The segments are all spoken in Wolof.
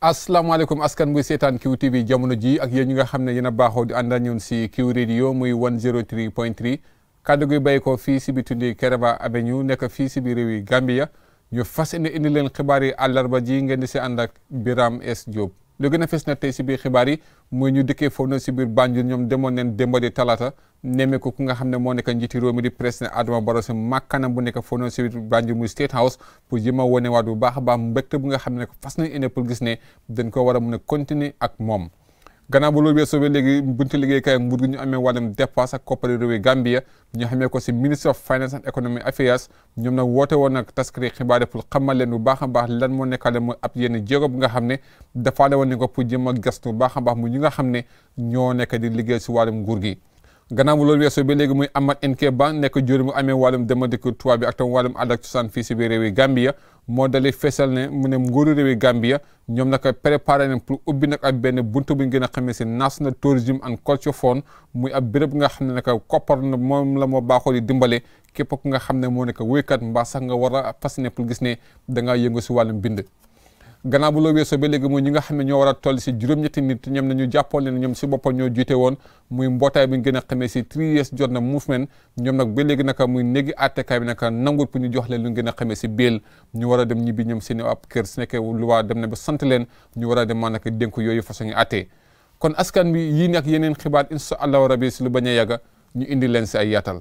asalaamaaleykum askan buy seetaan QTV jamono ji ak yéen ñi nga xam ne yéen a baaxoo di ànd ak ñun si Q radio muy 103 point 3 kàddu gi bay ko fii si bi tundi Kereba Avenue nekk fii si biir réew yi Gambia yu fas indi indi leen xibaar yi àllarba ji ngeen di si ànd ak Biram es Diop. lu gën a fes na tey si biir xibaar yi muy ñu dëkkee foofu noonu si biir Banjul ñoom demoon neen démba di talaata nemmeeku ku nga xam ne moo nekk njiiti réew mi di président Adama Barrow si makkanam bu nekk foofu noonu si biir Banjul muy State House pour jéem a wane waat bu baax a baax mbégte bu nga xam ne fas nañ ene pour gis ne dañ ko war a mën a continuer ak moom gannaaw ba loolu weesoo ba léegi buntu liggéeykaay amee wàllum dépense ak koppari réewi Gambia ñu xamee ko si Ministry of Finance and Economic Affairs ñoom nag woote woon nag taskari xibaar pour xamal leen bu baax a baax lan moo nekkaale mooy ab yenn jéego bu nga xam ne dafaale woon ne ko pour jëm a gastu bu baax a mu ñi nga xam ne ñoo nekk di liggéey si wàllum nguur gi gannaaw bu loolu weesoo ba léegi muy Amath Nké Ba nekk jur mu amee wàllum demandiku tubaab bi ak tam wàllum aada ak fii si biir réewi Gambia moo dali fesal ne mu ne nguuru réewi Gambia ñoom naka préparé pour ubbi nag ab benn buntu bu ñu gën a xamee si National Tourism and Culture Fund muy ab béréb nga xam ne naka koppar na moom la moo baaxoo di dimbale képp ku nga xam ne moo nekk wéykat mbaa sax nga war a fas ne pour gis ne dangaa yëngu si wàllum bind gannaaw bu loo weesoo ba léegi mooy ñi nga xam ne ñoo war a toll si juróom-ñetti nit ñoom ne ñu jàppoon leen ñoom si boppam ñoo jiite woon muy mbootaay bi ñu gën a xamee si Three Years Jotna Movement ñoom nag ba léegi naka muy néegi àttekaay bi nag nangul pour ñu jox leen lu gën a xamee si béel ñu war a dem ñibbi ñoom seen ab kër si nekkee lu waa dem na ba sant leen ñu war a dem ma naka dénk yooyu façon yi àttee kon askan bi yii nag yeneen xibaar incha allahu rabi si lu bañ a yàgga ñu indi leen si ay yaatal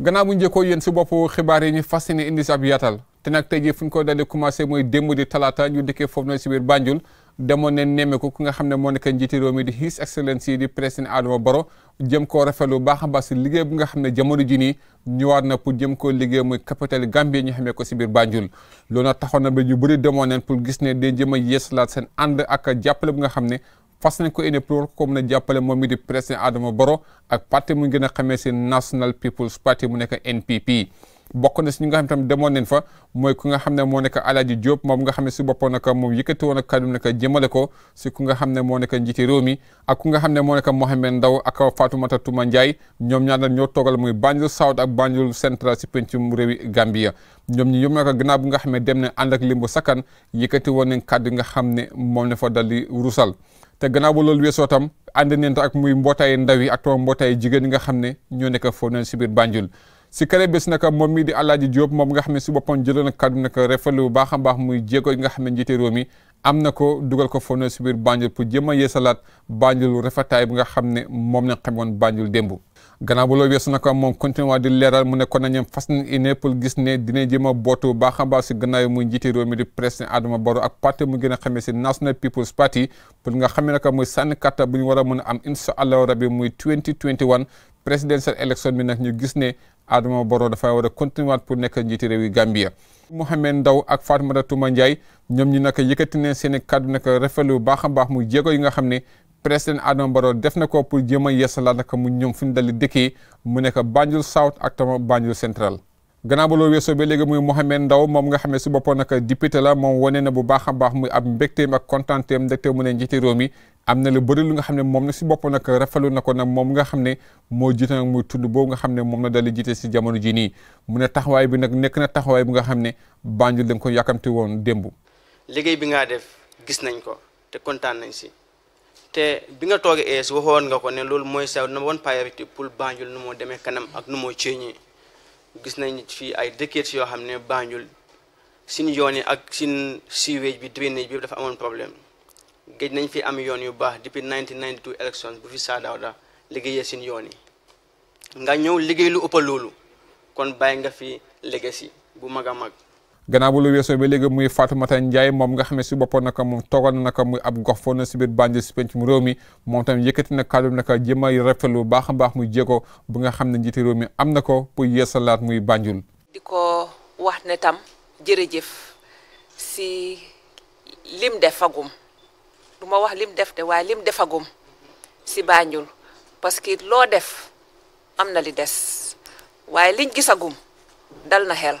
gannaaw bu njëkkoo yéen si bopp xibaar yi ñu fas yéene indi si ab yaatal te nag tey jii fu ñu ko dalee commencé mooy démb di talaata ñu dëkkee foofu noonu si biir Banjul demoon ne nemmeeku nga xam ne moo nekk njiiti réew mi di His Excellency di président Adama Barrow jëm koo rafetlu baax a baax liggéey bu nga xam ne jamono ji nii ñëwaat na pour jëm koo liggéey muy capitale Gambie xamee ko si biir Banjul lool nag taxoon na ba ñu bëri demoon nañ pour gis ne day jëm a yeesalaat seen ànd ak jàppale bu nga xam ne fas nañ ko yéene pour ko mën a jàppale moom mi di président Adama Barrow ak parti mu gën a xamee si National People's Party mu nekk NPP. bokk na si ñi xam ne tamit demoon nañ fa mooy ku nga xam ne moo nekk Alaaji Diop moom nga xam ne si boppam nag moom yëkkati woon ak kàddu nag jëmale ko si ku nga xam ne moo nekk njiiti réew mi ak ku nga xam ne moo nekk Mohamed Ndaw ak Fatoumata Touma Ndiaye ñoom ñaar nag ñoo toogal muy Banjul South ak Banjul Central si pencum réewi Gambia ñoom ñi yëpp nag gannaaw bi nga xam ne dem ne ànd ak limbu sakkan yëkkati woon nañ kàddu yi nga xam ne moom ne fa dal di rusal te gannaaw ba loolu weesoo tam ànd neen ak muy mbootaay ndaw yi ak tam mbootaayu jigéen ñi nga xam ne ñoo nekk foofu noonu si biir Banjul si kare bés naka moom mii di Alaaji Diop moom nga xam ne si boppam jëloon na kàddu nag rafetlu bu baax a baax muy jéego nga xam ne njiite réew mi am na ko dugal ko foofu noonu si biir Banjul pour jéem a yeesalaat Banjul rafetaay bi nga xam ne moom la xamoon Banjul démb gannaaw bu loolu weesu naka moom continué di leeral mu ne na nañu fas yéene pour gis ne dina jéem a bootu baax a baax si gannaaw muy njiiti réew a xamee si National People's Party pour nga muy sànni kàtta ñu war a mën a am incha muy 2021 présidential gis ne Adama Barrow dafay war a continué pour nekk njiiti réew yi Gambia. Mouhamed Ndaw ak Fatoumata Touma Ndiaye ñoom ñi naka yëkkati ne seen i kàddu naka rafetlu baax a baax muy jéego yi nga xam ne. président Adama Barrow def na ko pour jéem a yeesalaat naka mu ñoom fu ñu dali dëkkee mu nekk Banjul South ak tama Banjul Central gannaaw ba loo weesoo ba léegi muy Mohamed xam ne si boppam nag député la moom a baax muy ab mbégteem ak kontaanteem ndégte mu ne njiiti réew nga xam ne si boppam nag rafetlu na ko nag moom nga xam ne moo jiite nag muy tudd boobu nga xam ne moom na dali jiite si jamono ji nii mu ne taxawaay bi nag nekk na taxawaay bi nga xam ne Banjul dañ ko yàkkamti woon démb liggéey bi nga def gis nañ ko te kontaan nañ si te bi nga toogee EES waxoon nga ko ne loolu mooy sa number one priority pour Banjul nu moo demee kanam ak nu moo ceeñee gis nañ fii ay décades yoo xam ne Banjul sin yoon yi ak sin sewage bi drainage bi dafa amoon problème géej nañ fi am yoon yu baax depuis 1992 élections bu fi Saa Dawda liggéeyee sin yoon yi nga ñëw liggéey lu ëpp loolu kon bàyyi nga fi legacy bu mag a mag gannaaw bu lu weesoo ba léegi muy Fatoumata Ndiaye moom nga xam ne si boppam naka na naka muy ab gox foon na si biir Banjul si pencum réew mi moom tam yëkkati na kàddu naka jéem a rafetlu baax a baax muy jéego bu nga xam ne njiiti réew mi am na ko pour yeesalaat muy Banjul. di ko wax ne tam jërëjëf si lim defagum du ma wax lim def de waaye lim defagum si Banjul parce que loo def am na li des waaye liñ gisagum dal na xel.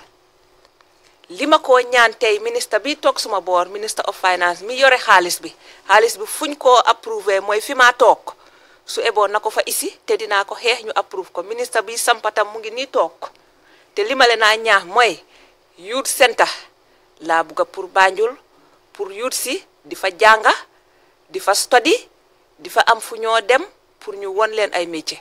li ma ko ñaan tey ministre bi toog suma boor ministre of finance mi yore xaalis bi xaalis bi fuñ koo approuvé mooy fi maa toog su eboon na ko fa isi te dinaa ko xeex ñu approuve ko ministre bi sampatam mu ngi nii toog te li ma leen naa ñaax mooy youth center laa bugga pour Banjul pour youth si di fa jànga di fa study di fa am fu ñoo dem pour ñu won leen ay métier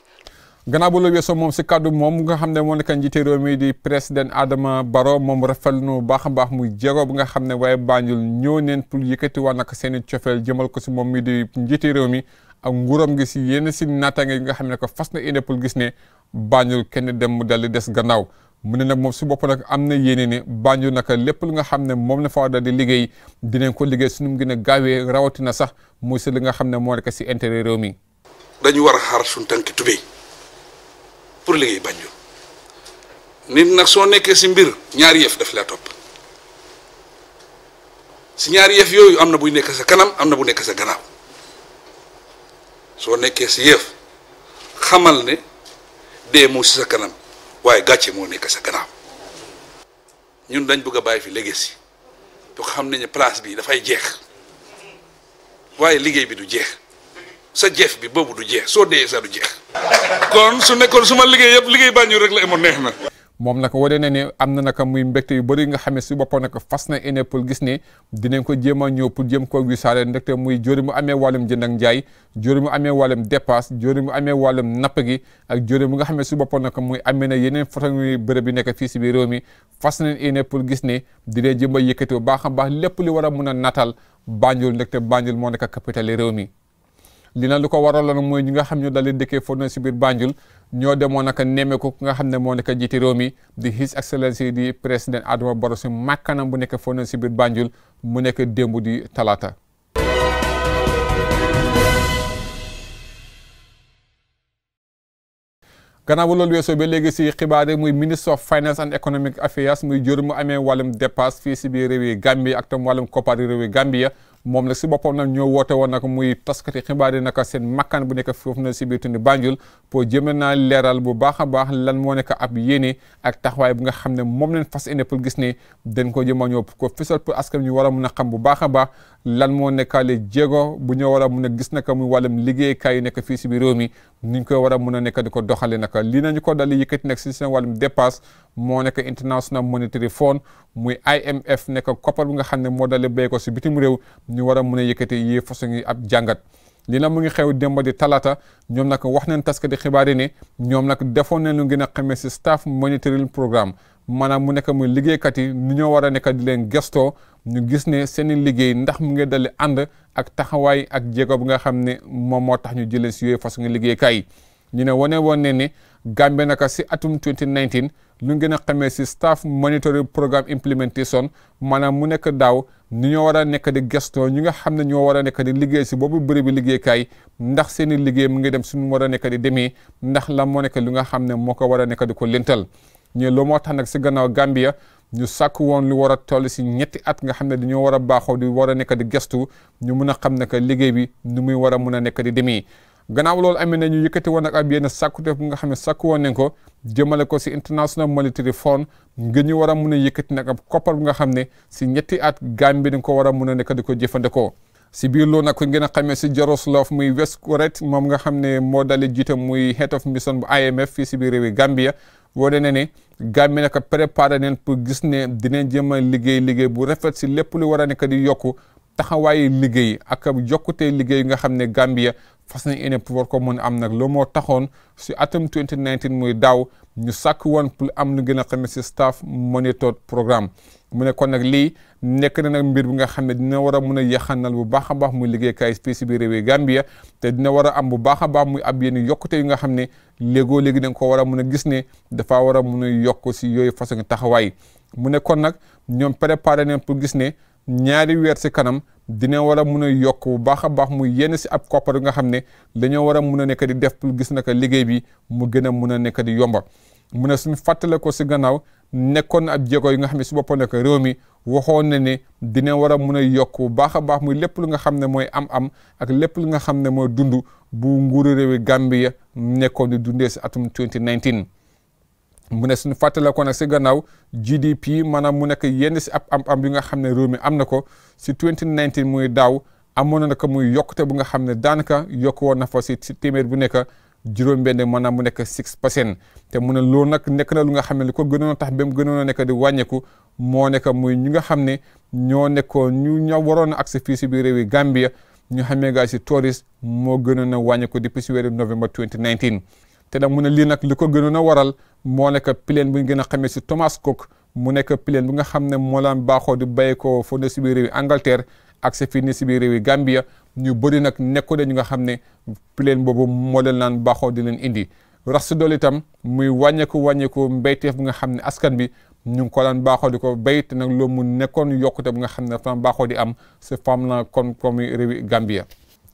gannaaw ba la weesoo moom si kàddu moom nga xam ne moo nekk njiite réew mi di président Adama Barrow moom rafetlu na baax a baax muy jéego bi nga xam ne waaye Banjul ñëw neen pour yëkkatiwaat nag seen i cofeel jëmal ko si moom mi di njiite réew mi ak nguuram gi si yenn si naataange yi nga xam ne ko fas na indi pour gis ne Banjul kenn dem mu dal di des gannaaw. mu ne nag moom si bopp nag am na yéene ne Banjul naka lépp lu nga xam ne moom la fa liggéey dinañ ko liggéey suñu mu gën gaawee rawatina sax muy si li nga xam ne moo nekk si intérêt réew mi. dañu war xaar suñu tànki pour liggéey Banjul nit nag soo nekkee si mbir ñaari yëf daf laa topp si ñaari yëf yooyu am na buy nekk sa kanam am na bu nekk sa ganaaw soo nekkee si yëf xamal ne dee moo si sa kanam waaye gàcce moo nekk sa gannaaw ñun dañ bëgg a bàyyi fi legacy yoo xam ne place bi dafay jeex waaye liggéey bi du jeex. sa jeef bi boobu du jeex soo dee sa du jeex kon su nekkoon su ma liggéey yëpp liggéey Banjul rek la amoon neex na. moom nag wane na ne am na naka muy mbégte yu bëri nga xam ne si boppam nag fas na éne pour gis ne dinañ ko jéem a ñëw pour jéem koo wisaare ndaxte muy jóori mu amee wàllum jënd ak njaay jóori mu amee wàllum dépasse jóori mu amee wàllum napp gi ak jóori mu nga xam ne si boppam nag muy amee na yeneen foto yu bërëb yi nekk fii si biir réew mi fas nañ éne pour gis ne dinañ jéem a yëkkati bu baax a baax lépp li war a mun a natal Banjul ndaxte Banjul moo nekk capitale réew mi li na lu ko waraloon mooy ñi nga xam ñu dalee dëkkee foofu na si biir Banjul ñoo demoon naka nemmeeku ku nga xam ne moo nekk jiiti réew mi di his excellence di président Adama Barrow si màkkanam bu nekk foofu na si biir Banjul mu nekk démb di talaata. gannaaw loolu weesoo ba léegi si xibaar yi muy ministre of finance and economic affairs muy jur mu amee wàllum dépasse fi si biir réew yi Gambie ak tam wàllum koppaari réew yi Gambie moom nag si boppam na ñoo woote woon nag muy taskati xibaar yi naka seen makkaan bu nekk foofu na si biir tundi Banjul pour jëme naa leeral bu baax a baax lan moo nekk ab yéene ak taxawaay bu nga xam ne moom leen fas ene pour gis ne dañ ko jëma ñoo ko fësal pour askan ñu war a mun a xam bu baax a baax lan moo nekkaale jéego bu ñu war a mun a gis naka muy wàllum liggéeykaay yu nekk fii si biir réew mi ni ñu koy war a mun a nekk di ko doxale naka lii nañu ko dal yëkkati nag si seen wàllum dépasse moo nekk international monetary fund muy IMF nekk koppar bi nga xam ne moo dalee béy ko si bitim réew ñu war a mun a yëkkati yi façon yi ab jàngat li na mu ngi xew démb di talaata ñoom nag wax nañ taskati xibaar yi ne ñoom nag defoon nañ lu gën a xamee si staff monitoring programme maanaam mu nekk muy liggéeykat yi ni ñoo war a nekk di leen gestoo ñu gis ne seen liggéey ndax mu ngi dali ànd ak taxawaay ak jéego bi nga xam ne moom moo tax ñu jëlee si yooyu façon liggéeykaay ñu ne wane woon ne ni Gambie naka si atum 2019 lu ngeen a xamee si staff monitoring programme implementation maanaam mu nekk daaw ni ñoo war a nekk di gestoo nga xam ne ñoo war a nekk liggéey si boobu bërëb liggéeykaay ndax seen liggéey mu ngi dem suñu war a nekk di demee ndax la moo nekk li nga xam ne moo ko war a nekk di ko ñu loo moo tax nag si gannaaw Gambia ñu sàkk woon lu war a toll si ñetti at nga xam ne dañoo war a baaxoo di war a nekk di gestu ñu mun a xam ne que liggéey bi nu muy war a mun a nekk di demee gannaaw loolu amee na ñu yëkkati woon ak ab yenn sàkkute bu nga xam ne sàkku woon nañ ko jëmale ko si international monetary fund ngir ñu war a mun a yëkkati nag ab koppar bu nga xam ne si ñetti at Gambie dañ ko war a mun a nekk di ko jëfandikoo si biir loolu nag ko ngeen a xamee si Jaroslav muy ko Koret moom nga xam ne moo dali jiite muy head of mission bu IMF fii si biir réewi Gambia wone na ne Gambie nag préparé neen pour gis ne dinañ jëm a liggéey liggéey bu rafet si lépp lu war a nekk di yokku taxawaayu liggéey ak jokkutee liggéey nga xam ne Gambia fas nañ ene pour war ko mën am nag loo moo taxoon si atum 2019 muy daaw ñu sàkk woon pour am lu gën a xam ne si staff monitor programme mu ne kon nag lii nekk na nag mbir bi nga xam ne dina war a mun a yaxanal bu baax a baax muy liggéey liggéeykaay spéci bi réewi Gambia te dina war am bu baax a baax muy ab yenn yokkute yi nga xam ne léegoo léegi da ko war a mun a gis ne dafaa war a mun a yokk si yooyu façon taxawaay mu ne kon nag ñaari weer si kanam dina war a mun a yokk bu baax a baax muy yenn si ab koppar nga xam ne dañoo war a mun a nekk di def pour gis naka liggéey bi mu gën a mun a nekk di yomba mu ne suñ fàttale ko si gannaaw nekkoon ab jéego yi nga xam ne si boppam nekk réew mi waxoon na ne dina war a mun a yokk baax a baax muy lépp lu nga xam ne mooy am-am ak lépp lu nga xam ne mooy dund bu nguuru réewi Gambia nekkoon di dundee si atum 2019. mu ne suñu fàttale ko nag si gannaaw GDP maanaam mu nekk yenn si ab am am yu nga xam ne réew mi am na ko si 2019 muy daaw amoon na ko muy yokkute bu nga xam ne daanaka yokk woon na fa si si téeméer bu nekk juróom-benn maanaam mu nekk 6 pour cent te mu ne loolu nag nekk na lu nga xam ne li ko gënoon a tax ba mu gënoon a nekk di wàññeeku moo nekk muy ñi nga xam ne ñoo nekkoon ñu ñoo waroon a agsi fii si biir réewi Gambia ñu xamee gaa si touriste moo gënoon a wàññeeku depuis si weeru novembre 2019. te nag mu ne lii nag li ko gënoon a waral moo nekk pileen bu gën a xamee si Thomas Cook mu nekk pileen bi nga xam ne moo laan baaxoo di béy ko foo ne si biir réewi Angleterre ak si fii ni si biir réewi Gambia ñu bëri nag nekku ne ñu nga xam ne pileen boobu moo leen laan baaxoo di leen indi rax si dool itam muy wàññeeku wàññeeku mbéyteef bi nga xam ne askan bi ñu ngi ko daan baaxoo di ko béy nag loolu mu nekkoon yokkute bi nga xam ne dafa baaxoo di am si fam na kon comme réewi Gambia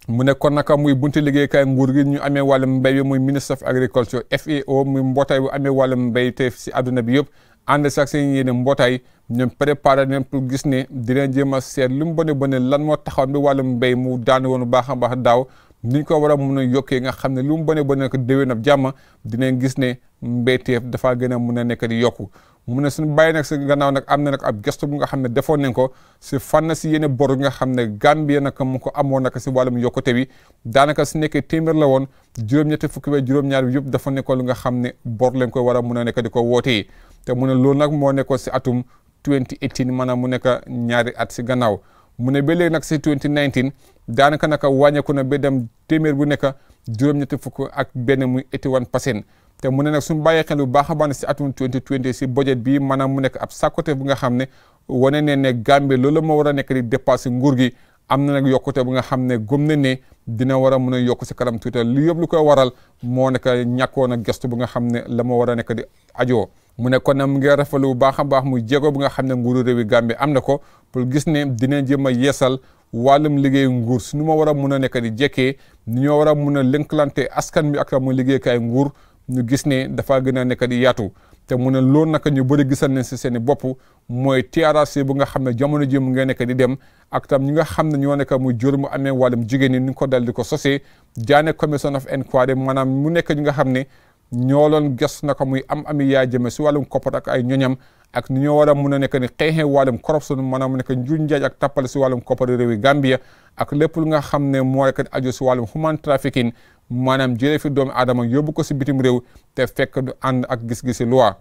mu ne kon naka muy bunti kay nguur gi ñu amee wàllum mbéy bi muy ministre of agriculture FAO e muy mbootaay bu amee wàllum mbéy te si àdduna bi yëpp ànd sax si seen yéene mbootaay ñoom préparé nañ pour gis ne dina jéem a seet lu mu bone bone lan moo taxaw bi wàllum mbéy mu daan woon baax a baax daaw niñ ko war a mun a yokkee nga xam ne lu mu bone bone ko déwén ab jàmm dinañ gis ne mbéyteef dafaa gën a mun a nekk di yokku mu ne suñu bàyyi nag si gannaaw nag am na nag ab gestu bu nga xam ne defoon nañ ko si fànn si yenn bor nga xam ne Gambie nag mu ko amoon nag si wàllum yokkute bi daanaka su nekkee téeméer la woon juróom-ñetti fukki ba juróom-ñaar bi yëpp dafa nekkoon lu nga xam ne bor lañ koy war a mun a nekk di ko wootee te mu ne loolu nag moo nekkoon si atum 2018 maanaam mu nekk ñaari at si gannaaw mu ne ba léegi nag si 2019 daanaka nag wàññeeku na ba dem téeméer bu nekk juróom-ñetti fukk ak benn muy 81 percent te mu ne nag suñu bàyyee xel bu baax a baax si atum 2020 si budget bi maanaam mu nekk ab sàkkote bu nga xam ne wane ne ne Gambie loolu moo war a nekk di dépassé nguur gi am na nag yokkute bu nga xam ne gëm na ne dina war a mën a yokk si kanam tuuti li yëpp lu koy waral moo nekk ñàkkoon a gestu bu nga xam ne la ma war a nekk di ajoo mu ne kon nag mu ngi rafetlu bu baax a baax muy jéego bu nga xam ne nguuru réewi Gambie am na ko pour gis ne dina jéem a yeesal wàllum liggéey nguur nu ma war a mun a nekk di jekkee ni ñoo war a mun a lënkalante askan bi ak mu liggéey liggéeykaay nguur ñu gis ne dafa gën a nekk di yaatu te mu ne loolu naka ñu bëri gisal nañ si seen i bopp mooy TRRC bu nga xam ne jamono ji mu ngi nekk di dem ak tam ñi nga xam ne ñoo nekk muy jur mu amee wàllum jigéen ñi ni ko dal di ko sosee jaane commission of inquiry maanaam mu nekk ñi nga xam ne ñoo doon ges na ko muy am ami yaa jëme si wàllum koppar ak ay ñoñam ak nu ñoo war a mun a nekk ni xeexee wàllum corruption maanaam mu nekk njuuj njaaj ak tappale si wàllum koppar réewi Gambia ak lépp nga xam ne mooy rekk aju si wàllum human trafficking maanaam jëlee fi doomu aadama yóbbu ko si bitim réew te fekk du ànd ak gis-gisi loi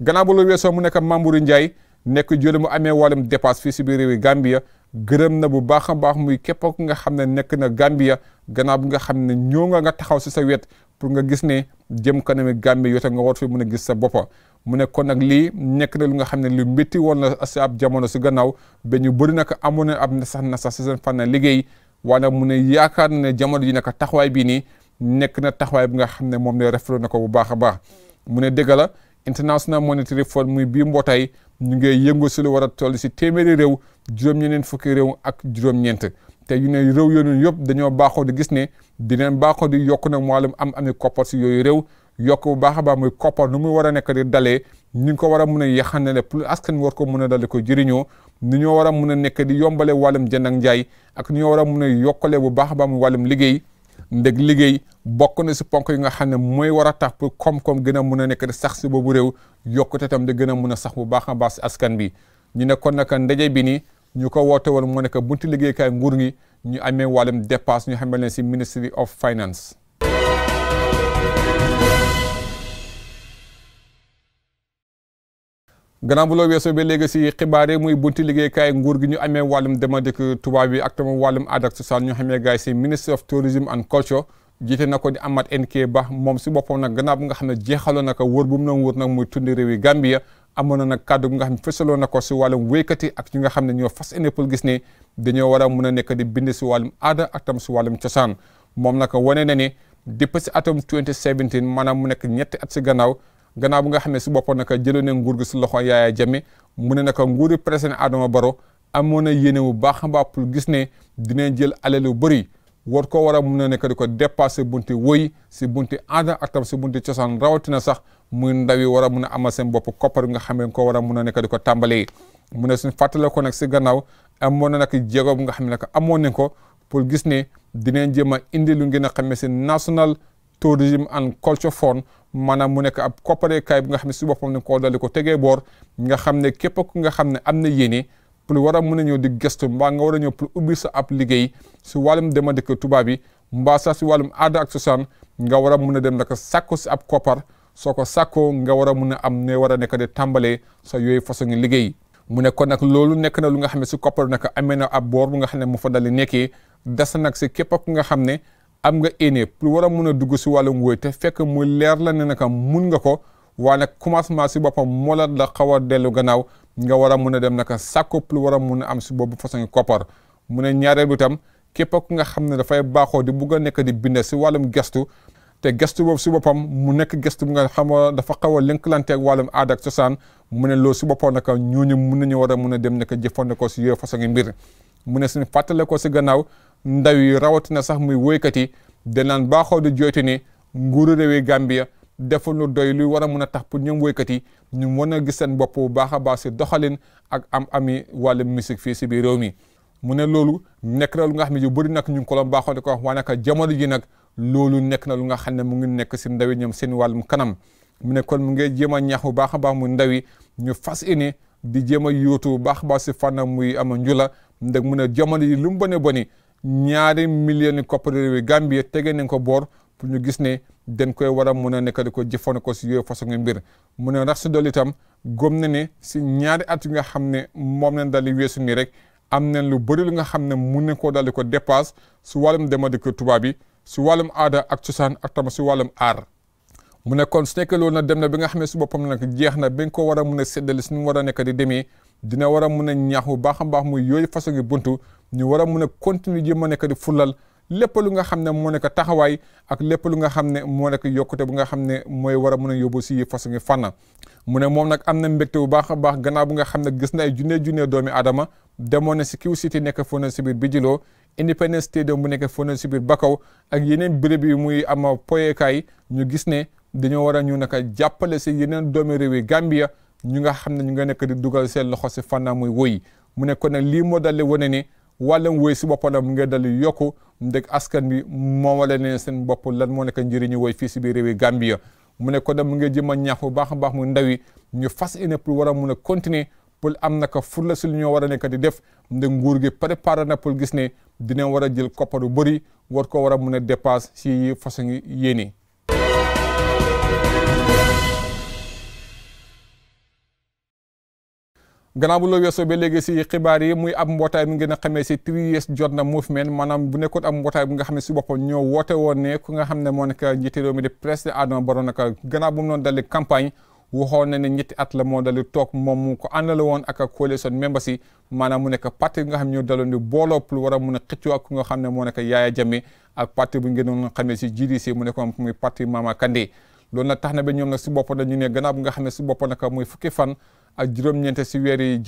gannaaw bu loolu weesoo mu nekk Mamour Ndiaye nekk jële mu amee wàllum dépasse fii si biir réewi Gambia gërëm na bu baax a baax muy képp ku nga xam ne nekk na Gambia gannaaw bi nga xam ne ñoo nga nga taxaw si sa wet pour nga gis ne jëm kanami Gambia yoota nga war fi mën a gis sa boppa mu ne kon nag lii nekk na lu nga xam ne lu métti woon na si ab jamono si gannaaw ba ñu bëri nag amoon na ab nasax nasax si fan na liggéey wala mu ne yaakaar ne jamono ji naka taxawaay bii nii nekk na taxawaay bi nga xam ne moom ne rafetlu na ko bu baax a baax mu ne dëgg la international monetary fund muy bii mbootaay ñu ngi yëngu si lu war a toll si téeméeri réew juróom-ñeneen fukki réew ak juróom-ñeent te ñu ne rew yooyu yëpp dañoo baaxoo di gis ne dinañ baaxoo di yokk nag wàllum am ami koppar si yooyu réew yokk bu baax a baax muy koppar nu muy war a nekk di dalee ñu ngi ko war a mun a yaxanale pour askan war ko mun a dal ko jëriñoo ni ñoo war a mun a nekk di yombale wàllum jënd ak ak ni ñoo war a mun a yokkale bu baax a mu wàllum liggéey ndeg liggéey bokk na si ponk yi nga xam ne mooy war a tax pour koom-koom gën a mun a nekk di sax si boobu réew yokkute tam di gën a mun a sax bu baax a baax si askan bi ñu ne kon nag ndaje bi ni ñu ko woote woon mu nekk liggéey liggéeykaay nguur gi ñu amee wàllum dépasse ñu xamal ne si ministry of finance gannaaw bu loo weesoo ba léegi si xibaar yi muy bunti liggéeykaay nguur gi ñu amee wàllum dema dikk tubaab yi ak tamit wàllum aada ak cosaan ñu xamee gaay si ministry of tourism and culture jiite na ko di Amat NK Bah moom si boppam nag gannaaw nga xam ne jeexaloo na ko wër bu mu na wër nag muy tundi réew yi Gambia amoon na nag kàddu bi nga xam ne fësaloo na ko si wàllum wéykat ak ñi nga xam ne ñoo fas enépal gis ne dañoo war a mun a nekk di bind si wàllum aada ak tam si wàllum cosaan moom nag wane na ni depuis si atum 2017 maanaam mu nekk ñetti at si gannaaw gannaaw bi nga xam ne si boppam naka jëloon ne nguur gi si loxo Yaya Jammeh mu ne naka nguuri président Adama Barrow amoon na yéene bu baax a baax pour gis ne dinañ jël alal lu bëri war ko war a mun a nekk di ko dépassé bunti woy si bunti aada ak tam si bunti cosaan rawatina sax muy ndaw yi war mun a amal seen bopp koppar bi nga xam ne ko war a mun a nekk di ko tàmbalee. mu ne suñ fàttale ko nag si gannaaw amoon na nag jéego bu nga xam ne nag amoon nañ ko pour gis ne dinañ jéem a indi lu ngeen a xam ne si National Tourism and Culture Fund maanaam mu nekk ab koppareekaay bi nga xam ne si boppam ne koo dal di ko tegee boor nga xam ne képp ku nga xam ne am na yéene pour war a mën a ñëw di gestu mbaa nga war a ñëw pour ubbi sa ab liggéey si wàllum dema ko tubaab bi mbaa sax si wàllum aada ak cosaan nga war a mun a dem nag sàkku si ab koppar soo ko sàkkoo nga war a mun a am ne war a nekk di tàmbalee sa yooyu façon liggéey mu ne nag loolu nekk na lu nga xam ne si koppar nag amee na ab boor bu nga xam ne mu fa dal di nekkee des nag si képp ku nga xam ne am nga éene pour war a mun a dugg si wàllum wóoy te fekk mu leer la ne kam mun nga ko waaye nag commencement si boppam moo la la xaw a dellu gannaaw nga war a mun a dem naka sàkko pour war a mun a am si boobu façon koppar mu ne ñaareel bi tam ku nga xam ne dafay baaxoo di bugg a nekk di bind si wàllum gestu te gestu boobu si boppam mu nekk gestu bu nga xam dafa xaw a lëkkalante ak wàllum ak cosaan mu ne loolu si boppam naka ñooñu mun nañu war a mun a dem nekk jëfandikoo si yooyu façon mbir mu ne suñu fàttale ko si gannaaw ndaw yi rawatina sax muy woykat yi danaan baaxoo di jooytu ne nguuru réewi Gambia deful lu doy luy war a mun a tax pour ñoom woykat yi ñu mën a gis seen bopp bu baax a baax si doxalin ak am ami wàllu musique fii si biir réew mi. mu ne loolu nekk na lu nga xam ne yu bëri nag ñu ngi baaxoo di ko wax waaye nag jamono ji nag loolu nekk na lu nga xam ne mu ngi nekk si ndawi yi ñoom seen wàllum kanam mu ne kon mu ngi jéem a ñaax bu baax a baax mu ndaw yi ñu fas yéene di jéem a yóotu bu baax a baax si fànn muy ama njula ndax mu ne jamono yi lu mu bone boni ñaari millions koppar réewi Gambie tege nañ ko boor pour ñu gis ne dañ koy war a mun a nekk di ko jëfandikoo si yooyu façon mbir mu ne rax si dolli itam na ne si ñaari at yi nga xam ne moom lañ daal di weesu nii rek am nañ lu bëri lu nga xam ne mun nañ koo daal di ko dépasse su dema di ko tubaab bi su wàllum aada ak cosaan ak tam su wàllum aar. mu ne kon su nekkee loolu nag dem na bi nga xam ne su boppam nag jeex na bi nga ko war a mun a séddale suñu war a nekk di demee dina war a mun a ñaax bu baax a baax muy yooyu façon gi buntu ñu war a mun a continuer ji ma nekk di fulal lépp lu nga xam ne moo nekk taxawaay ak lépp lu nga xam ne moo nekk yokkute bu nga xam ne mooy war a mun a yóbbu si façon fan na mu ne moom nag am na mbégte bu baax a baax gannaaw bu nga xam ne gis na ay junne junne doomi aadama demoon na si kiw city nekk foo na si biir Bijilo Independence Stadium bu nekk foo na si biir Bakaw ak yeneen béréb yi muy ama poyekaay ñu gis ne dañoo war a ñu naka jàppale si yeneen doomi réewi Gambia ñu nga xam ne ñu nga nekk di dugal seen loxo si fànna muy woy mu ne kon nag lii moo daldi wane ne wàllum woy si boppam mu ngi daldi yokku ndeg askan bi moomale ne seen bopp lan moo nekk njëriñu woy fii si biir réewi Gambia mu ne kon nag mu ngi jëm a ñaax bu baax a baax mu ndawi ñu fas yéene pour war a mun a continuer pour am naka furla si lu ñoo war a nekk di def ndeg nguur gi préparé na pour gis ne dina war a jël koppar bu bëri war ko war a mun a dépasse si façon yéene gannaaw bu la weesoo ba léegi si xibaar yi muy ab mbootaay bi ngeen a xamee si Three Years Jotna Movement maanaam bu nekkoon ab mbootaay bi nga xam ne si boppam ñoo woote woon ne ku nga xam ne moo nekk njiiti réew mi di président Adama Barrow naka gannaaw bu mu noonu dali campagne waxoon na ne ñetti at moo dali toog moom mu ko àndale woon ak coalition members yi mu nekk parti bi nga xam ne ñoo daloon a mun a xëccoo moo nekk Yaya Jammeh ak parti bu ngeen doon xamee si GDC mu nekkoon muy parti Mama loolu nag tax na ba ñoom nag si bopp na ñu ne gannaaw bi nga ne si bopp nag muy fukki fan ak juróom-ñeent si weeri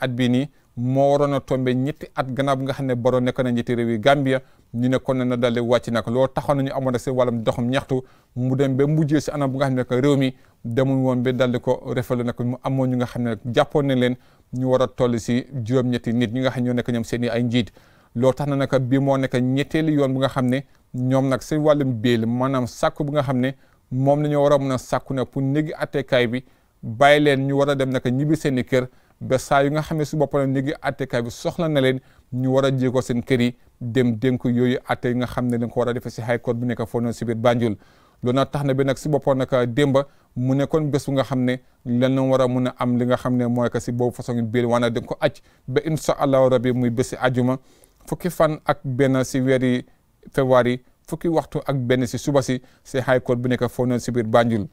at bii nii moo waroon a tombe ñetti at gannaaw bi nga xam ne Barrow nekk na njiiti réew yi Gambia ñu ne kon na dalee wàcc nag loolu taxoon nañu amoon si wàllum doxum ñaxtu mu dem ba mujjee si anam bu nga xam ne que réew mi demul woon ba daldi ko refelu nag mu amoon ñu nga xam ne jàppoon na leen ñu war a toll si juróom nit ñi nga xam ñoo nekk ñoom seen i ay njiit loolu tax na nag bii moo nekk ñetteelu yoon bu nga xam ne ñoom nag si wàllum béel maanaam sàkku bu nga xam ne moom la ñoo war a mën a sàkku ne pour néegi attekaay bi bàyyi leen ñu war a dem nag ñibbi seen i kër ba saa yu nga xam ne su boppam ne néegi attekaay bi soxla na leen ñu war a jéego seen kër yi dem dénk yooyu atte yi nga xam ne dañ ko war a defee si high court bi nekk foofu si biir Banjul loolu tax na ba nag si boppam naka démba mu nekkoon bés bu nga xam ne lan la war a mun a am li nga xam ne mooy que si boobu façon biir waana dem ko aj ba incha allahu rabi muy bési ajuma fukki fan ak benn si weeri février fukki waxtu ak benn si suba si si high court bi nekk foo noonu si biir Banjul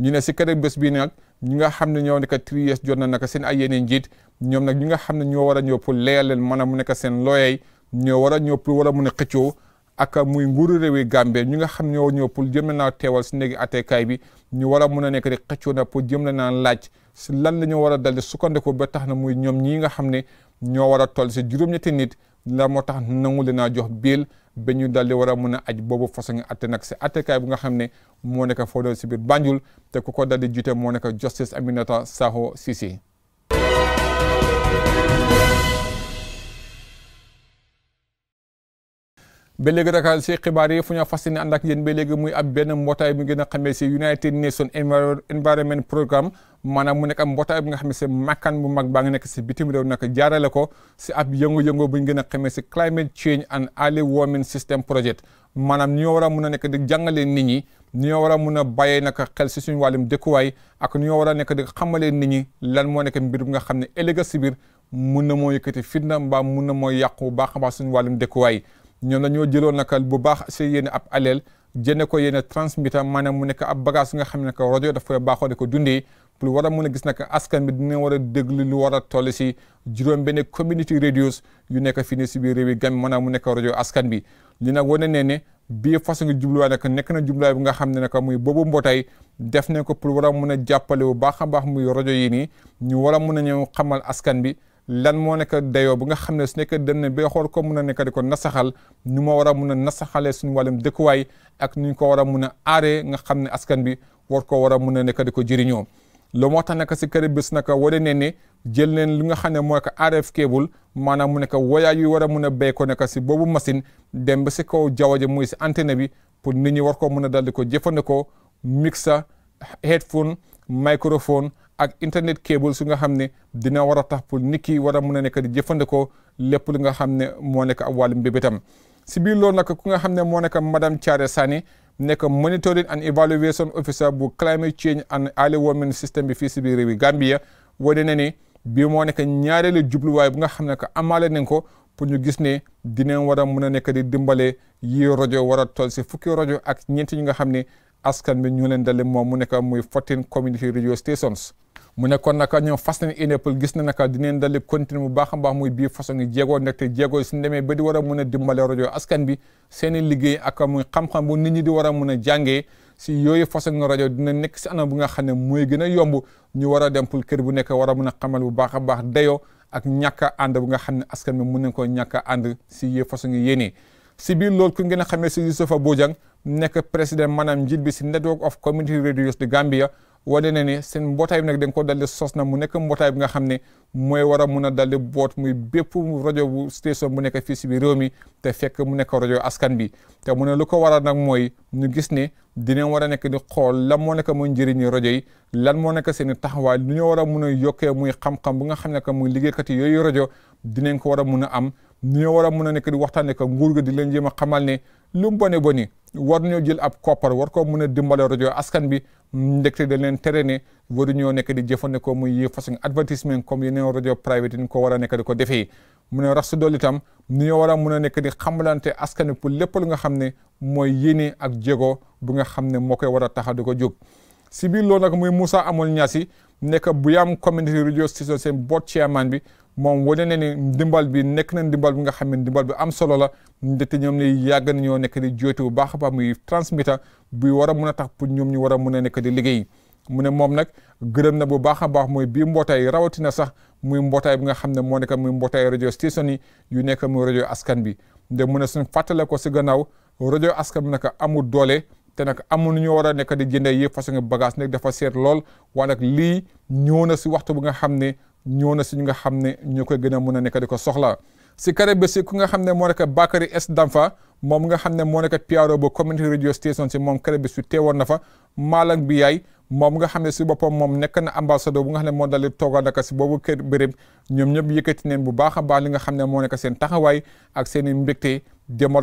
ñu ne si kër bés bi nag ñi nga xam ne ñoo nekk three jot na naka seen ay yeneen njiit ñoom nag ñi xam ne ñoo war a ñëw pour leeral leen mën a mu nekk seen looyey ñoo war a ñëw pour war mun a xëccoo ak muy nguuru réewi Gambie ñi nga xam ñoo ñëw pour jëm na naa teewal si néegi attekaay bi ñu war mun a nekk di xëccoo na pour jëm na naa laaj si lan la ñu war a dal sukkandiku ba tax na muy ñoom ñi nga xam ne ñoo war a toll si juróom-ñetti nit la moo tax nangu leen jox biil ba ñu dal di war a mën a aj boobu façon atte nag si attekaay bu nga xam ne moo nekk foo doon si biir Banjul te ku ko dal di jiite moo nekk justice Aminata Sakho Cissé ba léegi rek si xibaar yi fu ñu fas yéene ànd ak yéen ba léegi muy ab benn mbootaay bi ngeen a xamee si United Nations Environment Programme maanaam mu nekk am mbootaay bi nga xam ne si màkkaan bu mag baa nga nekk si bitim réew nag jaarale ko si ab yëngu-yëngu bu ñu gën a xamee si climate change and early warming system project maanaam ñoo war a mun a nekk di jàngalee nit ñi ñoo war a mun a bàyyee nag xel si suñu wàllum dëkkuwaay ak ñoo war a nekk di xamalee ni ñi lan moo nekk mbir bi nga xam ne ëllëg si biir mun na moo yëkkati fitna mbaa mun na moo yàqu bu baax a baax suñu wàllum dëkkuwaay ñoom la ñoo jëloon nag bu baax si yéen ab aleel jënde ko yéen a transmitter maanaam mu nekk ab bagage nga xam ne que rajo daf koy baaxoo di ko dundee pour war a mën a gis nag askan bi dina war a déglu lu war a toll si juróom benn community radios yu nekk fii si biir réew yi Gambie maanaam mu nekk rajo askan bi li nag wane ne ne bii façon jubluwaay nag nekk na jubluwaay bi nga xam ne ne nag muy boobu mbootaay def nañ ko pour war a mën a jàppale bu baax a baax muy rajo yi nii ñu war mun mën a ñëw xamal askan bi lan moo nekk dayoo bu nga xam ne su nekk dënn bee xool koo mun a nekk di ko nasaxal nu ma war a mun a nasaxalee suñu wàllum dëkkuwaay ak ñu ko war a mun a aaree nga xam ne askan bi war ko war a mun a nekk di ko jëriñoo loolu moo tax nag si kër bés a wane ne ne jël leen li nga xam ne mooy que RF cable maanaam mu nekk woyaay yu war a mun a béy ko nekk si boobu machine dem ba si kaw jaww ji muy si antene bi pour nit ñi war koo mun a dal di ko jëfandikoo mixer headphone microphone ak internet cable su nga xam ne dina war a tax pour nit ki war a mun a nekk di jëfandikoo lépp li nga xam ne moo nekk ab wàllum bébétam si biir loolu nag ku nga xam ne moo nekk madame Thiaré Sani nekk monitoring and evaluation officer bu climate change and early warning system bi fii si biir réewi Gambia wane na ni bii moo nekk ñaareelu jubluwaay bu nga xam ne que amaale nañ ko pour ñu gis ne dina war a mun a nekk di dimbale yi rajo war a toll si fukki rajo ak ñeenti ñi nga xam ne askan bi ñu leen dale moom mu nekk muy fourteen community radio stations mu ne kon naka ñoom fas nañ Enable gis na naka dineen dale continue bu baax a muy bii façon yi jéegoo nekk te jéegoo suñ demee ba di a mun a dimbale rajo askan bi seen i liggéey ak muy xam-xam bu nit ñi di war a mun a jàngee si yooyu façon rajo dina nekk si anam bu nga xam ne mooy gën a yomb ñu war a dem pour kër bu nekk war a mun a xamal bu baax a baax dayoo ak ñàkk a ànd bu nga xam ne askan bi mun nañ koo ñàkk ànd si yooyu yéenee si biir loolu ku ngeen a xam xamee si Youssoufa Bojang nekk président maanaam njiit bi si network of community radios di Gambia wane na ne seen mbootaay bi nag dañ ko daldi sos na mu nekk mbootaay bi nga xam ne mooy war a mun a daldi boot muy bépp rajo bu station bu fii si biir réew mi te fekk mu nekk rajo askan bi te mu ne lu ko waral nag mooy ñu gis ne dinañ war a nekk di xool lan moo nekk mooy njëriñu rajo yi lan moo nekk seen taxawaay nu ñu war a mun a yokkee muy xam-xam bu nga xam ne que muy liggéeykat yi yooyu rajo dinañ ko war a mun a am ñoo war a mën a nekk di waxtaanee que nguur gi di leen jéem a xamal ne lu mu bone boni war ñoo jël ab koppar war koo mën a dimbale rajo askan bi ndekte dañ leen tere ne waru ñoo nekk di jëfandikoo muy façon advertisement comme yeneen rajo private yi ko war a nekk di ko defee mu ne rax su dool itam ni war a mën a nekk di xamalante askan bi pour lépp lu nga xam ne mooy yéene ak jéego bu nga xam ne moo koy war a taxa di ko jóg si biir loolu nag muy Moussa Amol Niassi nekk Buyam Community Radio Station seen board chairman bi moom wane na ni ndimbal bi nekk na ndimbal bi nga xam ne ndimbal bi am solo la ndete ñoom ne yàgg nañoo nekk di jooytu bu baax a baax muy transmitter bi war a mun a tax pour ñoom ñu war a mun a nekk di liggéey mu ne moom nag gërëm na bu baax a baax mooy bii mbootaay rawatina sax muy mbootaay bi nga xam ne moo nekk muy mbootaay rajo station yi yu nekk muy rajo askan bi de mu ne suñ fàttale ko si gannaaw rajo askan bi nag amul doole te nag amul ñu war a nekk di jëndee yëpp façon bagaas nag dafa seet lool waaye nag lii ñëw na si waxtu bi nga xam ne ñëw na si ñu nga ne ñoo koy gën a mën a nekk di ko soxla si kare bi si nga xam ne moo nekk Bakary ne moo nekk PRO bu community radio station si ne si boppam moom nekk na ambassadeur bu nga xam ne moo dali toogal naka si boobu kër béréb ñoom yëkkati neen bu baax a baax li nga xam ne moo nekk seen taxawaay ak seen i mbégte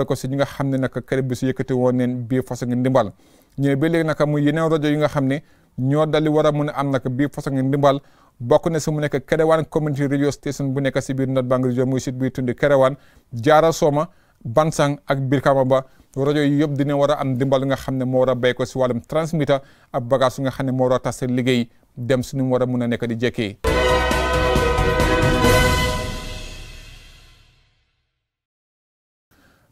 ko si ñi nga xam ne nag kër bi su yëkkati woon neen bii façon ndimbal ñëw ba léegi nag mu yeneen rajo yi nga xam ne ñoo daldi war a mën a am nag bii façon ndimbal bokk na si mu nekk Kerewan community radio station bu nekk si biir North Bank Region muy site bi tundi Kerewan Jaara Soma Bansang ak Brikama ba rajo yi yëpp dina war a am ndimbal nga xam ne moo war a béy ko si wàllum transmitter ak bagage su nga xam ne moo war a tas seen liggéey dem suñu war a mën a nekk di jekkee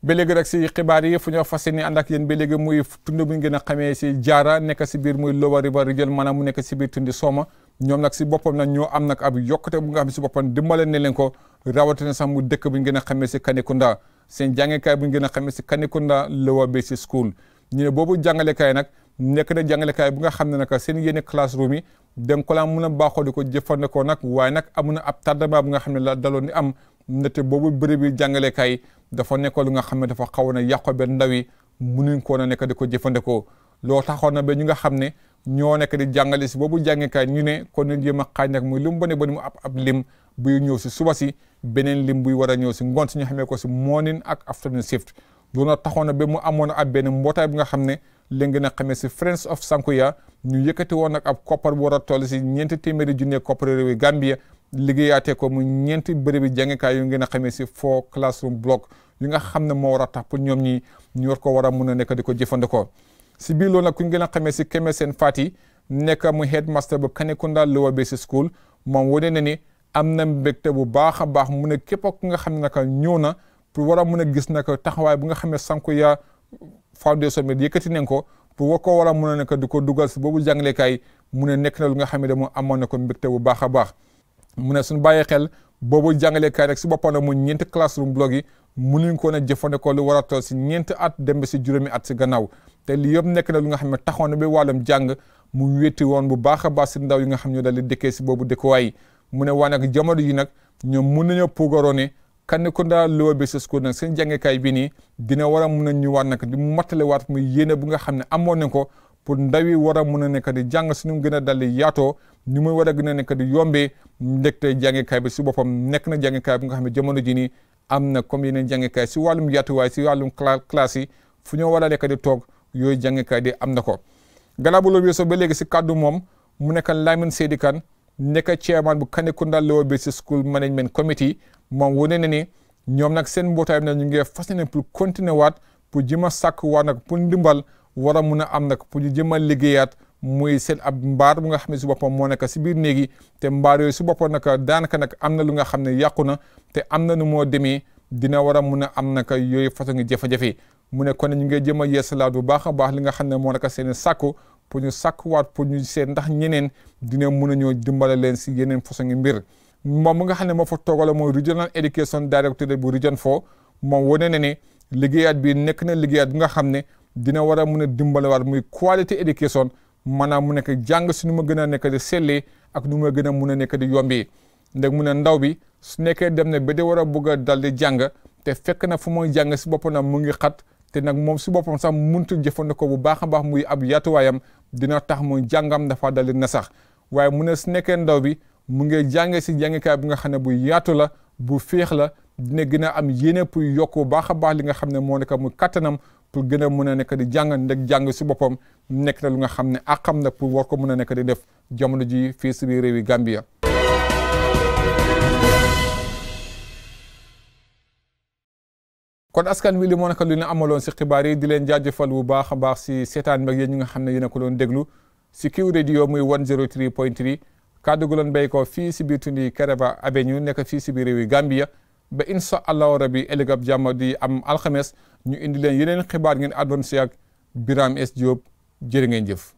ba léegi rek si xibaar yi fu ñoo fas yéene ànd ak yéen ba léegi muy tund bu ñu gën a xamee si jaara nekk si biir muy Lower River Region maanaam mu nekk si biir tundi Soma ñoom nag si boppam nag ñoo am nag ab yokkute bu nga xam si boppam dimbale ne leen ko rawatina sax dëkk bu ñu gën a xamee si Kanikunda seen jàngekaay bu ñu gën a xamee si Kanikunda Lower Basic School ñu ne boobu jàngalekaay nag nekk na jàngalekaay bu nga xam ne nag seen yenn classroom yi danga ko laa mën a baaxoo di ko jëfandikoo nag waaye nag amun a ab tardement bu nga xam ne la daloon ni am nete boobu bëri bi jàngalekaay dafa nekkoon lu nga xam ne dafa xaw na yàqo ba ndaw yi munuñ koo na nekk di ko jëfandikoo loo taxoon na ba ñu nga xam ne ñoo nekk di jàngale si boobu jàngekaay ñu ne kon nañ jéem a xaaj nag muy lim bone ne ba mu ab lim buy ñëw si suba si beneen lim buy war a ñëw si ngoon si ñu xamee ko si morning ak afternoon shift loolu nag taxoon na ba mu amoon ab benn mbootaay bi nga xam ne léegi nag xamee si Friends of Sankuya ñu yëkkati woon nag ab koppar bu war a toll si ñeenti téeméeri junne koppar réewi Gambia liggéeyaatee ko mu ñeenti bërëb bi jàngekaay yu ngeen a xamee si foo classroom block yi nga xam ne moo war a tax pour ñoom ñi ñu war ko war a mun a nekk di ko jëfandikoo si biir loolu nag ku ngeen a xamee si Kemeh Sène Fati nekk mu headmaster bu Kanekunda Lower Basic School moom wane na ni am na mbégte bu baax a baax mu ne képp ku nga xam ne naka ñëw na pour war a mun a gis naka taxawaay bu nga xam ne Sankuya Foundation bi yëkkati nañ ko pour ko war a mun a nekk di ko dugal si boobu jàngaleekaay mu ne nekk na lu nga xam ne de amoon na ko mbégte bu baax a baax mu ne suñu bàyyee xel boobu jàngalekaay rek si boppam nag mu ñeenti classroom blog yi mënuñ ko ne jëfandikoo lu war a toll si ñeenti at dem ba si juróomi at si gannaaw te li yëpp nekk na lu nga xam ne taxoon na ba wàllum jàng mu wétti woon bu baax a baax si ndaw yi nga xam ne daal di dëkkee si boobu dëkkuwaay mu ne waa nag jamono yi nag ñoom mun nañoo puugaroo ne kan ko ndaa lowa bi sa school nag seen jàngekaay bi nii dina war a mun a ñëwaat nag di mattale waat mu yéene bu nga xam ne amoon nañ ko pour ndaw yi war a mun a nekk di jàng suñu gën a dalli yaatoo ni muy war a gën a nekk di yombee ndegte jàngekaay bi si boppam nekk na jàngekaay bi nga xam ne jamono ji nii am na comme yeneen jàngekaay si wàllum yaatuwaay si wàllum classe yi fu ñoo war a nekk di toog yooyu jàngekaay di am na ko gannaaw bu loolu weesoo ba léegi si kàddu moom mu nekk Lamin Seydi Kane nekk chairman bu Kanekunda Lower Basic School Management Committee moom wane na ni ñoom nag seen mbootaay nag ñu ngi fas ne pour continuer waat pour jëm a sàkk waat nag pour ndimbal war a mun a am nag pour ñu jëm a liggéeyaat muy seen ab mbaar bu nga xam ne si boppam moo nekk si biir néegi te mbaar yooyu si boppam nag daanaka nag am na lu nga xam ne yàqu na te am na nu moo demee dina war a mun a am nag yooyu façon ngi jafe mu ne ñu ngi jëm a yeesalaat bu baax a baax nga xam ne moo nekk seen sàkku pour ñu sàkkuwaat ñu seet ndax ñeneen dina mun a ñoo dimbale leen si yeneen façon ngi mbir moom mu nga xam ne moo fa toogale mooy regional education director bu region four moom wane na ne liggéeyaat bi nekk na liggéeyaat bi nga xam ne dina war a mun a dimbalewaat muy quality education maanaam mu nekk jàng si nu ma gën a nekk di sellee ak nu ma gën a mun a nekk di yombee ndax mun a ndaw bi su nekkee dem ne ba de war a bëgg a dal di jàng te fekk na fu muy jàng si boppam nag mu ngi xat te nag moom si boppam sax muntu jëfandikoo bu baax a baax muy ab yaatuwaayam dina tax muy jàngam dafa dal di sax waaye mu ne su nekkee ndaw bi mu ngi jàng si jàngikaay bi nga xam ne bu yaatu la bu féex la dina gën a am yéene pour yokk bu baax a baax li nga xam ne moo nekk muy kattanam pour gën a mën a nekk di jàng ndeg jàng si boppam nekk na lu nga xam ne ak xam na pour war ko mën a nekk di def jamono ji fii si biir réewi Gambia kon askan wi li moo nekk lu ñu amaloon si xibaar yi di leen jaajëfal bu baax a baax si seetaan mag yéen ñi nga xam ne yéen a ko doon déglu si Q Radio muy 103 point 3 gu loon béy ko fii si biir tundi Kereva Avenue nekk fii si biir réewi Gambia ba incha allahu rabi ëllëg ab jàmm di am alxames ñu indi leen yeneen xibaar ngeen àddoon si ak Birame S Diop jërë ngeen jëf.